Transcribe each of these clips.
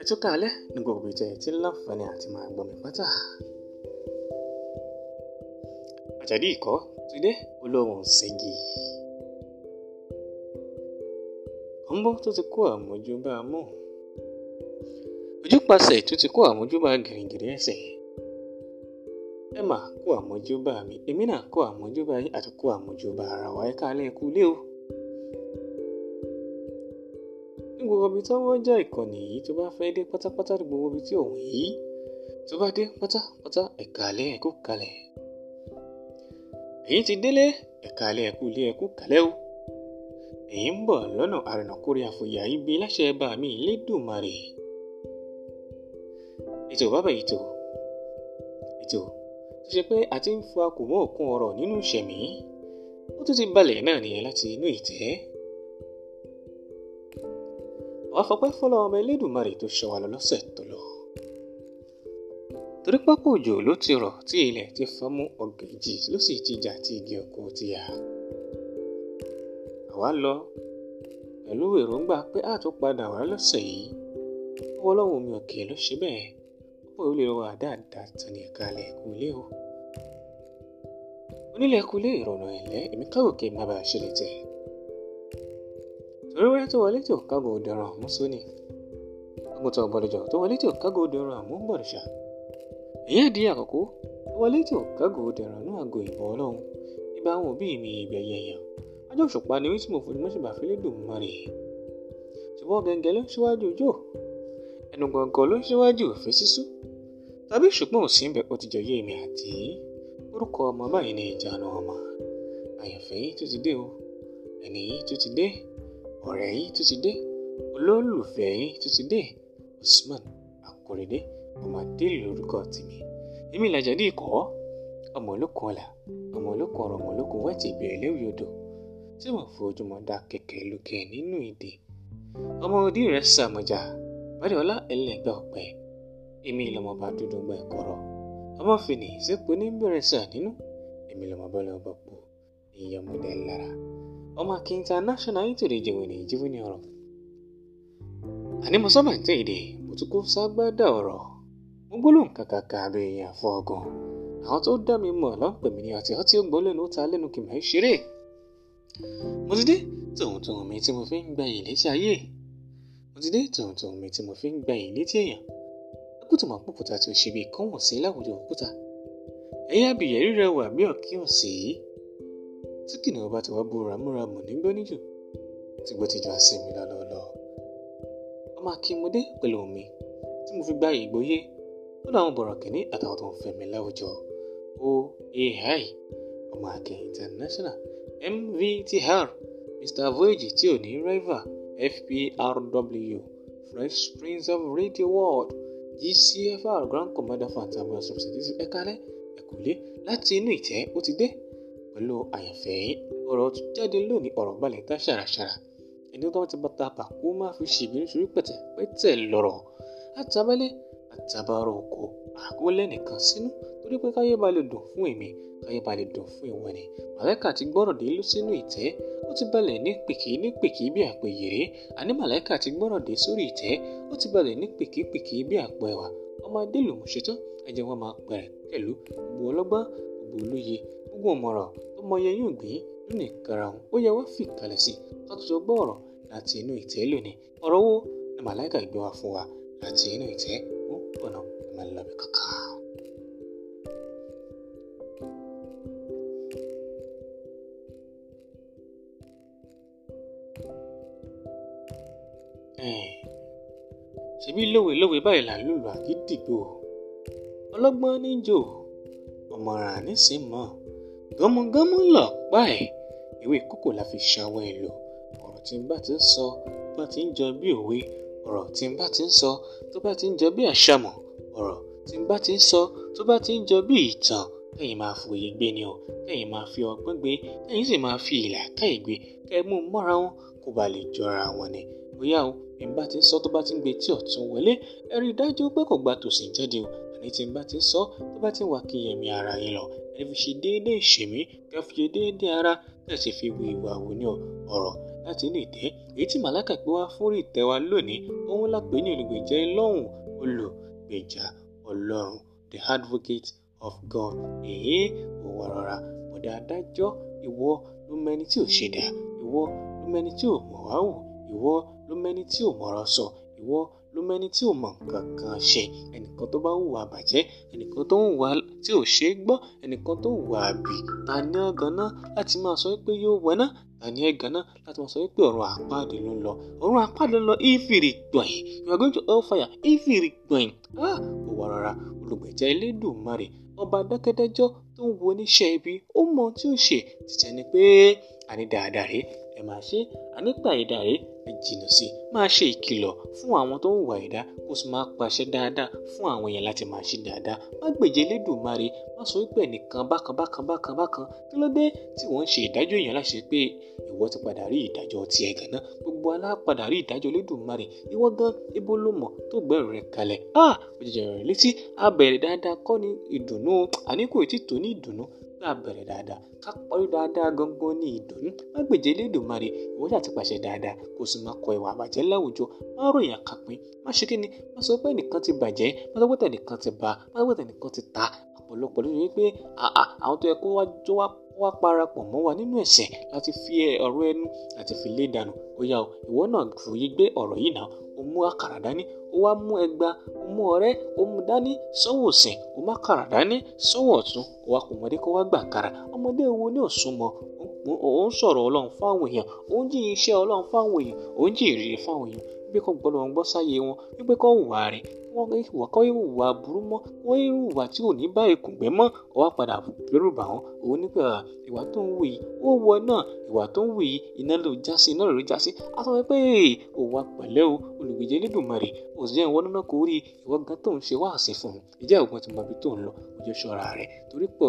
ẹ tún káalẹ́ ní gbogbo ìtẹ̀ tí ń láǹfààní àti máa gbọ́ mi pátá. àjàdí ìkọ́ túndé olóhùn ṣẹ́gi. ọ̀nbọ́n tó ti kó àmójúbá mọ́ ojúpasẹ̀ tó ti kó àmójúbá gìrìgìrì ẹsẹ̀ ẹ mà kú àmójúbà mi èmi náà kú àmójúbà yín àti kú àmójúbà ara wa ẹ káalẹ́ kú ilé o. ní gbogbo ibi tọ́wọ́ já ìkànnì yìí tó bá fẹ́ dé pátápátá ní gbogbo ibi tí òun yìí tó bá dé pátápátá ẹ káalẹ́ ẹ kú kalẹ̀. èyí ti délé ẹ káalẹ́ ẹ kú ilé ẹ kú kalẹ̀ o. èyí ń bọ̀ lọ́nà àrùnàkórí àfòyà ibi láṣẹ bá mi Elédùmarè. ètò bàbá ètò ètò tó ṣe pé àti ń fa kòmọ́ òkun ọ̀rọ̀ nínú ìṣẹ̀mí ó tún ti balẹ̀ náà nìyẹn láti inú ìtẹ́. àwa fọpẹ́ fọlọ́ ọmọ Elédùmarè tó ṣọ́ wa lọ lọ́sẹ̀ tó lọ. torí pápá òjò ló ti rọ̀ tí ilẹ̀ ti fọ́ mú ọ̀gẹ̀jì ló sì ti jà tí igi ọkọ̀ ti yà. àwa lọ pẹ̀lú èròǹgbà pé a tún padà wá lọ́sẹ̀ yìí ọwọ́ ọlọ́run mi òkè ló ṣe bẹ́ẹ̀ olè wa dáadáa tán ní ẹ̀ka lẹ́ẹ̀kú ilé o. onílẹ̀kùn lé ìrọ̀nà ẹ̀lẹ́ èmi káwò kí n má bàa ṣẹlẹ̀ tẹ̀. torí wẹ́rẹ́ tó wọlé tí ò kágo dẹ̀rọ̀ mú sóni. àgùntàn ọ̀gbọ̀dọ̀jọ̀ tó wọlé tí ò kágo dẹ̀rọ̀ mú gbọ̀dọ̀ṣà. èyí àdí àkọ́kọ́ tó wọlé tí ò kágo dẹ̀rọ̀ náà àgọ́ ìbọn ọlọ́run ibà ni mí tí mo fojú mọ́ṣẹ́ bàfẹ́ lédùmarè ṣùgbọ́n gẹ́gẹ́ ló ń ṣíwájú ọjọ́ ẹnu gọ̀ǹgọ̀ ló ń òfin sísú tàbí ṣùgbọ́n ò sí ń bẹ̀ ó ti jọyé èmi àti orúkọ ọmọ báyìí ní ìjánu ọmọ àyànfẹ́ yìí tó ti dé o ẹni yìí tó ti dé ọ̀rẹ́ yìí tó ti dé olólùfẹ́ yìí tó ti dé Usman Akorede ọmọdé lórúkọ tèmi èmi làjà dé ikọ̀ ọmọ olókun ọ̀la ọmọ olókun ọ̀rọ̀ ọmọ olókun wẹ́ẹ̀tì ìbẹ̀rẹ̀ lẹ́wì odò tí wọ́n fojúmọ́ dá kẹ̀kẹ́ lókè nínú ìdè ọmọ òdì rẹ̀ sàmọ̀jà bàdé ọlá ẹlẹ́gbẹ́ ọ̀pẹ́ èmi lọ́mọba dúdúgba ẹ̀kọ́rọ̀ ọmọ fìní ìsèpò ní bẹ̀rẹ̀ sà nínú èmi lọ́mọba lọ́mọba pò ìyá ọmọdé lára ọmọ akí international nítorí ìjẹun ní ìjíwìn ní ọ̀rọ̀ àní mo ń tẹ èdè mo tún kó ságbádà ọ̀rọ̀ mo gbólóhùn kàkàkà bí èèyàn fọ ọgàn àwọn tó dá mi mọ̀ ló ń pè mí ní ọtí ọtí ògbó lẹ́nu ó ta lẹ́nu kì máa ń ṣeré mo ti dé tòhùntòhùn mi tí mo fi ń gbẹ̀yìn létí ayé mo ti dé tòhùntòhùn mi tí mo fi ń gbẹ̀yìn létí èèyàn kùtùmọ̀ pòkúta tí ó ṣe bí kọ́wọ̀n sí láwùjọ òkúta ẹ̀yìn abìyẹ̀rí rẹwà bí ọ̀kíhàn sí i tí kìnìún bá ti wá bó ramúramù nígbó níjù tí gbó ti jọ àsinmi lọ́lọ́lọ́ ọmọ akínmọdé pẹ̀lú omi tí mo fi gba ìgbóyè lọ́dọ̀ àwọn bọ̀rọ̀ kìnní àtàwọn tó ń fẹ́ mi láwùjọ oai ọmọ akin international mvtr mr voyage tí ò ní rival fprw french prince of radio world GCFR Grand Commander for Anti-Abuse Substitution ẹ̀kálẹ́ ẹ̀kúlẹ́ láti inú ìtẹ́ ó ti dé pẹ̀lú àyànfẹ́ yín ọ̀rọ̀ tó jáde lónìí ọ̀rọ̀ balẹ̀ tá ṣàràṣàrà ẹni tó ti bàtà bàkú máa fi ṣèbínú ṣorí pẹ̀tẹ̀ pẹ̀tẹ̀ lọ̀rọ̀ àtàbálẹ̀ àtàbárò oko àkólẹ́ nìkan sínú torí pé káyé ba lè dùn fún èmi káyé ba lè dùn fún ìwọ ni màláìka ti gbọ́rọ̀ dé lú sínú ìtẹ́ ó ti balẹ̀ ní pìkì ní pìkì bí àpò ìyèrè àní màláìka ti gbọ́rọ̀ dé sórí ìtẹ́ ó ti balẹ̀ ní pìkì pìkì bí àpò ẹ̀wà ọmọdé lòmùṣetán ẹ̀jẹ̀ wọn máa pẹ̀rẹ̀ pẹ̀lú gbogbo ọlọ́gbọ́n gbogbo olóye gbogbo ọmọràn ọmọye yóò gbé lónìí karahun ó yẹ wá fìkàlẹ̀ sí ká tó sọ gbọ́ ọ̀rọ̀ láti inú ìtẹ́ lónìí ọ̀rọ̀ wo ni màláìka gbé wá fún wa láti inú wí lòwélòwé báyìí là ń lùlù àgídìgbò ọlọ́gbọ́n ní jò ọ̀mọ̀ràn nísìn mọ̀ gánmọ́gánmọ́ lọ̀pá ẹ̀ ewé kókò la fi ṣàwọn èlò ọ̀rọ̀ tí n bá ti ń sọ tó bá ti ń jọ bí òwe ọ̀rọ̀ tí n bá ti ń sọ tó bá ti ń jọ bí àṣàmọ̀ ọ̀rọ̀ tí n bá ti ń sọ tó bá ti ń jọ bí ìtàn kẹ́yìn máa fòye gbé ni o kẹ́yìn máa fi ọgbọ́n gbé kẹ́yìn sì máa fi ìlà káyè gbé kẹ́ mú mọ́ra wọn kó ba lè jọra wọn ni bóyá o bí n bá ti ń sọ tó bá ti ń gbé tí ọ̀tún wọlé ẹ rí i dájú pé kò gba tòsí jáde o àní tí n bá ti ń sọ tó bá ti ń wà kí ẹ̀mí ara yín lọ ẹ fi ṣe déédéé ìṣèmí ká fi ṣe déédéé ara tẹ̀sí fi wo ìwà wo ní ọ̀rọ̀ láti inú ìtẹ́ èyí tí màláka gbé wá fún ìtẹ́ wa lónìí òun la ní olùgbèjà Ọlọ́run olùgbèjà Ọlọ́run the advocate of God èyí òwò rọra bọ̀dá adájọ́ ìwọ ló mẹni tí ò ṣe dà ìwọ ló mẹni tí ò mọ̀ wá wò ìwọ ló mẹ́ni tí ò mọ̀rọ̀ sọ ìwọ ló mẹ́ni tí ò mọ̀ nǹkan kan ṣe ẹnìkan tó bá hùwà bàjẹ́ ẹnìkan tó ń wà tí ò ṣeé gbọ́ ẹnìkan tó hùwà àbí ta ní ọ̀gán náà láti máa sọ pé yóò wẹ̀ náà ta ní ẹ̀gán náà láti máa sọ pé ọ̀run àpáàdé ló ń lọ ọ̀run àpáàdé lọ ìfìrì gbọ̀nyìn you are going to all fire ìfìrì gbọ̀nyìn ah kò wà rárá olùgbèjà Elédùmarè ọba dákẹ́dẹ́jọ́ tó ń wo oníṣẹ́ ibi ó mọ tí ó ṣe tìjẹ́ ni pé àní dáadáa rèé ẹ máa ṣe ànípa ẹ̀dá rẹ̀ ẹ jìnnà sí i máa ṣe ìkìlọ̀ fún àwọn tó ń wà ẹ̀dá kó sì máa pàṣẹ dáadáa fún àwọn èèyàn láti máa ṣe dáadáa má gbèjẹ Elédùmarè má sọ wípé ẹnìkan bákan bákan bákan bákan kí ló dé tí wọ́n ń ṣe ìdájọ́ èèyàn láṣẹ pé ìwọ ti padà rí ìdájọ́ tiẹ̀ gànà gbogbo alápadà rí ìdájọ́ Elédùmarè ìwọ gan ibo ló mọ̀ tó gbẹ̀rù ah òjijì rẹ̀ létí abẹ̀rẹ̀ dáadáa ni ìdùnnú àníkò ètí tó ní ìdùnnú gbà bẹ̀rẹ̀ dáadáa ká parí dáadáa gangan ní ìdùnnú má gbèjẹ́ Elédùmarè ìwọ́n ṣàti pàṣẹ dáadáa kò sì máa kọ ìwà àbàjẹ́ láwùjọ má ròyìn àkàpín má ṣe kí ni má sọ pé ẹnìkan ti bàjẹ́ má sọ pé ẹnìkan ti bà má sọ pé ẹnìkan ti ta ọ̀pọ̀lọpọ̀ ló yẹ pé àwọn tó yẹ kó wá wá parapọ̀ mọ́ wa nínú ẹ̀ṣẹ̀ láti fi ọ̀rọ̀ ẹnu àti fi lé dànù ó yá o ìwọ náà fòye gbé ọ̀rọ̀ yìí náà ó mú àkàrà dání ó wá mú ẹgba ó mú ọ̀rẹ́ ó mú dání sọ́wọ́ òsìn ó má kàrà dání sọ́wọ́ ọ̀tún ó wá kò mọ̀dé kó wá wo ni ò súnmọ́ ó ń sọ̀rọ̀ ọlọ́run fáwọn èèyàn ó ń jí iṣẹ́ ọlọ́run fáwọn èèyàn ó ń jí ìrírí fáwọn èèyàn wípé kó gbọ́dọ̀ gbọ́ sáyé wọn wípé kó hùwà rẹ̀ wọ́n ìwà kọ́ ìwà burú mọ́ wọ́n ìwà tí ò ní bá ìkùngbẹ́ mọ́ ọwọ́ padà bẹ̀rù bà wọ́n òun nípa ìwà tó ń wù yìí ó wọ náà ìwà tó ń wù yìí iná ló já sí iná ló já sí a sọ pé ò wá pẹ̀lẹ́ o olùgbèjẹ́ lẹ́dùnmọ̀rì ò sì jẹ́ ìwọ náà kó rí ìwọ gan tó ń ṣe wá àṣẹ fún un ìjẹ́ ògùn ti mọ ibi tó ń lọ òjò ṣọ́ra rẹ̀ torí pé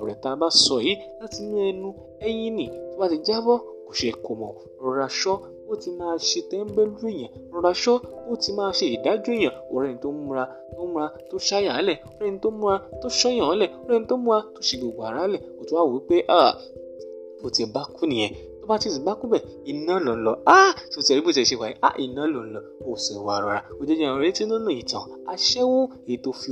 ọ̀rẹ́ tá a bá sọ yìí láti inú ẹnu ẹyin nì tó bá ti jábọ́ kò ṣe kò mọ̀ rọra ṣọ́ bó ti máa ṣe tẹ́ńbẹ́lú èèyàn rọra ṣọ́ bó ti máa ṣe ìdájọ́ èèyàn ọ̀rẹ́ni tó múra tó múra tó ṣáyà lẹ̀ ọ̀rẹ́ni tó múra tó ṣọ́yàn lẹ̀ ọ̀rẹ́ni tó múra tó ṣe gbogbo ara lẹ̀ ó tún wá wò pé ah, bó ti bá kú nìyẹn tó bá ti bá kú bẹ̀ iná ló ń lọ tó ah, tẹ̀lé bó ti ṣe wáyé ah, iná ló ń lọ ó sì wà rọra òjòjì àwọn retí nínú ìtàn aṣẹ́wó èyí tó fi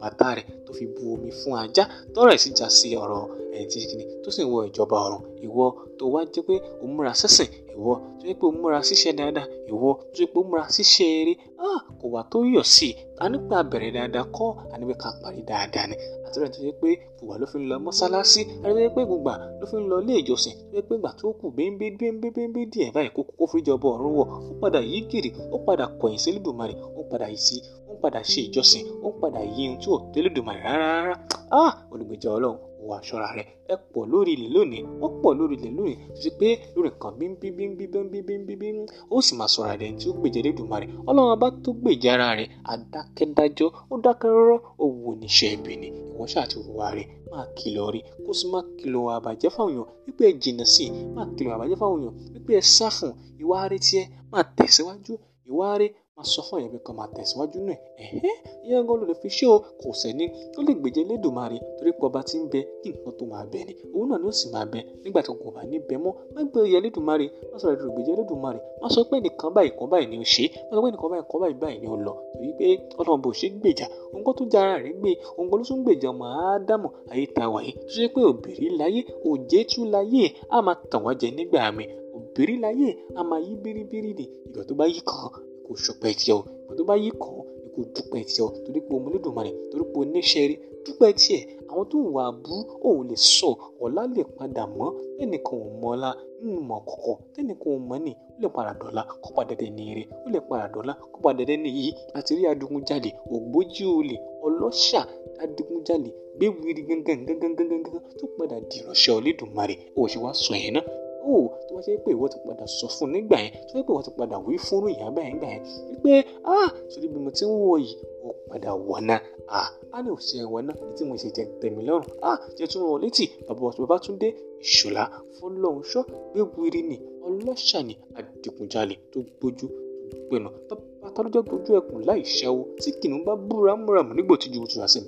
bàtà rẹ̀ tó fi bu omi fún ajá tọ́rọ̀ ẹ̀ sì já sí ọ̀rọ̀ ẹ̀yìn tí kìíní tó sì ń wọ ìjọba ọ̀run ìwọ tó wá jẹ́ pé òun múra sẹ́sìn ìwọ tó yẹ pé o múra síṣẹ́ dáadáa ìwọ tó yẹ pé o múra síṣẹ́ eré ah kò wá tó yọ̀ sí i a nípa bẹ̀rẹ̀ dáadáa kọ́ àníbẹ̀ ká parí dáadáa ni àtúrẹ̀ tó yẹ pé fùwà ló fi ń lọ mọ́sálásí àti tó yẹ pé gbùgbà ló fi ń lọ ilé ìjọsìn tó yẹ pé gbà tó kù bẹ́ńbẹ́ bẹ́ńbẹ́ bẹ́ńbẹ́ díẹ̀ báyìí kó kó fúríjọba ọ̀run wọ̀ ó padà yí gìrì ó padà kọ̀yìn sí Elédùmarè ó padà yí sí ó padà ṣe ìjọsìn ó padà yí ohun tí ò tẹ́lẹ̀dùmarè rárá ah olùgbèjà Ọlọ́run wà ṣọ́ra rẹ̀ ẹ pọ̀ lórí ilẹ̀ lónìí ó pọ̀ lórí ilẹ̀ lónìí tó ṣe pé lórí nǹkan bímbímbímbímbímbímbí ó sì máa sọ̀rọ̀ àdẹ̀ tí ó gbèjà Elédùmarè ọlọ́run bá tó gbèjà ara rẹ̀ àdákẹ́dájọ́ ó dákẹ́ rọ́rọ́ ó wò níṣẹ́ ibi ni ìwọ ṣáà ti wà rẹ̀ máa kìlọ̀ rí kó sì máa kìlọ̀ àbàjẹ́ fáwọn èèyàn wípé ẹ jìnnà sí i máa kìlọ̀ àbàjẹ́ fáwọn èèyàn wípé ẹ sá fún ìwà rẹ̀ tiẹ̀ máa tẹ̀síwájú ìwà rẹ̀ máa sọ fún ẹ̀yẹ́ pé kó máa tẹ̀síwájú náà ẹ̀hẹ́ ìyá gan ló lè fi ṣé o kò sẹ́ni ó lè gbèjẹ́ Elédùmarè torí pé ọba tí ń bẹ kí nǹkan tó máa bẹ ni òun náà ni ó sì máa bẹ nígbà tí kò bá ní bẹ mọ́ má gbé ìyá Elédùmarè má sọ̀rọ̀ ìdúró gbèjẹ́ Elédùmarè má sọ pé nìkan báyìí kan báyìí ni ó ṣe má sọ pé nìkan báyìí kan báyìí báyìí ni ó lọ torí pé Ọlọ́run bò ṣe gbèjà òun kọ́ tó jẹ́ ara rẹ̀ gbé òun kọ́ ló tún gbèjà ọmọ Ádámù ayé ta wàyí tó ṣe pé òbèrè láyé òjé tú láyé á máa tàn wá jẹ nígbà mi òbèrè láyé á máa yí bíríbírí ni ìgbà tó bá yí kan kò ṣọpẹ́ tiẹ̀ o tó bá yí kàn ni kò dúpẹ́ tiẹ̀ o torí pé Olódùmarè torí pé oníṣẹ́ rí dúpẹ́ tiẹ̀ àwọn tó ń wà abú òun lè sọ ọ̀la lè padà mọ́ tẹ́nìkan ò mọ̀ ọ́la nínú mọ̀ kọ̀kọ̀ tẹ́nìkan ò mọ̀ ni ó lè padà dọ̀la kó padà dẹ̀ ní ire ó lè padà dọ̀la kó padà dẹ̀ ní iyì àti rí adigunjalè ògbójú olè ọlọ́ṣà adigunjalè gbéwìrì gangan gangan gangan tó padà di Olódùmarè òṣèwà sọ yẹn náà Oh, tó wá ṣe pé ìwọ ti padà sọ fún nígbà yẹn tó wá pé ìwọ ti padà wí fúnrú ìyá bẹ́ẹ̀ nígbà yẹn wípé ah sórí bí mo ti ń wọ yìí ó padà wọ̀nà ah á ní òṣì ẹ̀wọ̀n náà tí mo ṣe jẹ tẹ̀mí lọ́rùn ah jẹ́ tún rán ọ létí bàbá ọ̀sùn bàbá tún dé ìṣòlá fọlọ́ọ̀ṣọ́ gbéwìrì ni ọlọ́ṣà ni adigunjalè tó gbójú tó gbẹnu bàbá tọ́lọ́jọ́ gbójú ẹkùn láì ṣẹ́wó tí kìnnìún bá búra múramù nígbò tí ju àṣẹ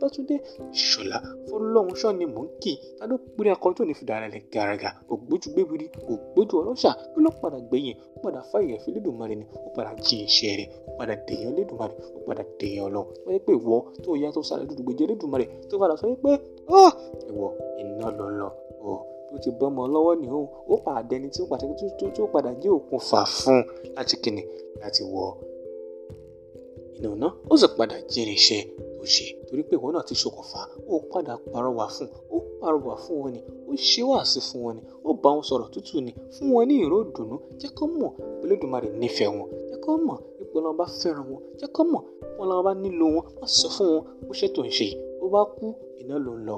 Babátúndé Ṣọlá Fọlọ́runṣọ́ ni mò ń kì í tádó péré akọjọ́ ní fìdárẹ̀lẹ̀ gàràgà ògbójú gbégbiri ògbójú ọlọ́ṣà ló ló padà gbẹ̀yìn ó padà fá ìyẹ̀fẹ́ lẹ́dùnmarè ni ó padà jẹ ẹ̀ṣẹ̀ rẹ̀ ó padà dèyàn lẹ́dùnmarè ó padà dèyàn ọlọ́ wọ́n yẹ pé ìwọ tó yá tó sáré dúdú gbèjẹ́ lẹ́dùnmarè tó padà sọ pé ah, ìwọ iná lọ lọ o tó ti bọ́mọ lọ́wọ́ ni ó ó pàdé ẹni tí ó padà jẹ́ òkun fà fún láti kíni láti wọ iná ná ó sì padà jèrè iṣẹ́ tó ṣe torí pé ìwọ náà ti ṣokùnfà ó padà parọ́wà fún ó parọ́wà fún wọn ni ó ṣe wàásù fún wọn ni ó bá wọn sọ̀rọ̀ tútù ni fún wọn ní ìró ìdùnnú jẹ́ kó mọ̀ Olódùmarè nífẹ̀ẹ́ wọn jẹ́ kó mọ̀ ipò ọlọ́ba fẹ́ràn wọn jẹ́ kó mọ̀ ipò ọlọ́ba nílò wọn wọ́n sọ fún wọn bó ṣe tó ń ṣe yìí ó bá kú iná ló ń lọ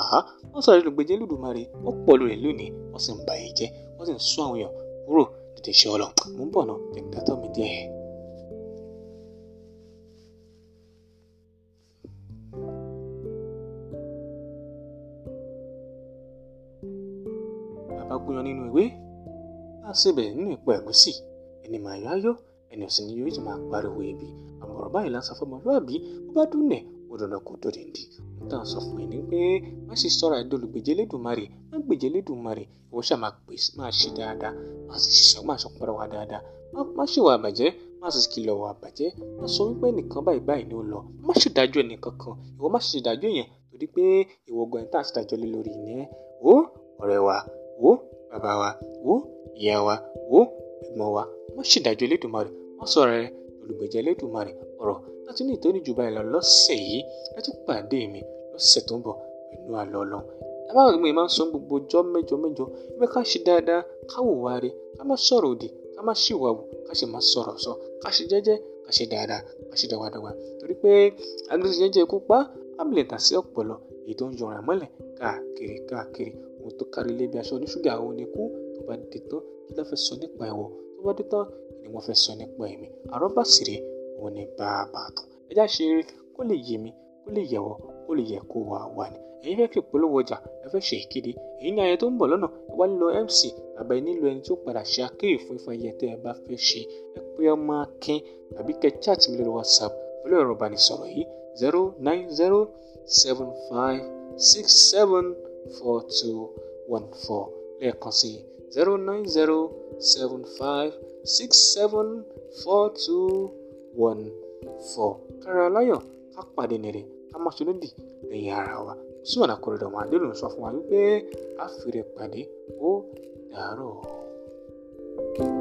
àhá wọ́n sọ̀rọ̀ ìlúgbèjẹ́ lùdùmarè wọ́n pọ̀ lórí lónìí wọ́n sì ń bà yìí jẹ́ sì ń sún àwọn èèyàn kúrò tètè ṣe ọlọ mò bọ̀ náà tẹ̀gbẹ́tọ̀ mi díẹ̀. yàn nínú ìwé tá a ṣèbẹ̀ nínú ìpò ẹ̀gúsí ẹni màá yọ ayọ̀ ẹni òsì ni yóò ti máa pariwo ibi àwọn báyìí lásán fún ọmọlúàbí bó bá dùn nẹ̀ ó dandan kó dòde ndí n tàn sọ fún ẹ pé má ṣe sọ̀rọ̀ àìdólùgbèjẹ́ lẹ́dùnmarè má gbèjẹ́ lẹ́dùnmarè ìwọ ṣáà máa pè máa ṣe dáadáa má sì ṣiṣẹ́ má sọ pẹ́rẹ́ wa dáadáa má ṣèwà àbàjẹ́ má sì kìlọ̀ wà àbàjẹ́ má sọ wípé nìkan báyìí báyìí ni ó lọ má ṣe dájọ́ ẹnìkan kan ìwọ má ṣe dájọ́ yẹn torí pé ìwọ gan-an tá a ṣe dájọ́ lé lórí ìyẹn ó ọ̀rẹ́ wa ó bàbá wo, wò wo, wa wò ẹ̀gbọ́n wa wọ́n ṣèdájọ́ Elédùmarè wọ́n sọ̀rọ̀ rẹ olùgbèjà Elédùmarè ọ̀rọ̀ láti ní ìtọ́ni jù báyìí lọ lọ́sẹ̀ yìí ẹ tún pàdé mi lọ́sẹ̀ tó ń bọ̀ pẹ̀lú àlọ́ ọlọ́run ẹ má gbàgbé máa ń sọ gbogbo ọjọ́ mẹ́jọ mẹ́jọ ẹgbẹ́ ká ṣe dáadáa ká wò wá rí ká má sọ̀rọ̀ òdì ká má ṣìwà wù ká ṣe má sọ̀rọ̀ sọ ká ṣe jẹ́jẹ́ ká ṣe dáadáa ká ṣe dàgbàdàgbà torí pé agbésí jẹ́jẹ́ ikú pa ábìlẹ̀ tà sí ọ̀pọ̀lọ mo tó kárí ilé bí aṣọ oníṣúgà òun ni kú tó bá dé tán kí la fẹ́ sọ nípa ẹ̀wọ̀ tó bá dé tán kí ni wọ́n fẹ́ sọ nípa ẹ̀mí àrọ́bà sírè òun ni bàbá tán ẹjá ṣe eré kó lè yé mi kó lè yẹ̀wọ̀ kó lè yẹ kó wà wà ní ẹ̀yin fẹ́ fi ìpolówó ọjà ẹ fẹ́ ṣe ìkéde èyí ni ayẹyẹ tó ń bọ̀ lọ́nà ẹ wá mc tàbí nílò ẹni tí ó padà ṣe akéyè fún ìfàyẹ tẹ́ ẹ bá fẹ́ ṣe ẹ pé ọmọ akin tàbí kẹ́ chat mi lórí whatsapp pẹ̀lú ẹ̀rọ ìbánisọ̀rọ̀ yìí zero nine zero seven five six seven. 4214. Lẹ́ẹ̀kansi 09075674214. Kára láyọ̀ ká pàdé nìrè ká má ṣe lódì lẹ́yìn ara wa. Sùwọ̀n àkọlẹ̀dọ̀ wọn àdéhùn sọ fún wa wípé a fèrè pàdé ó dàárọ̀. thank you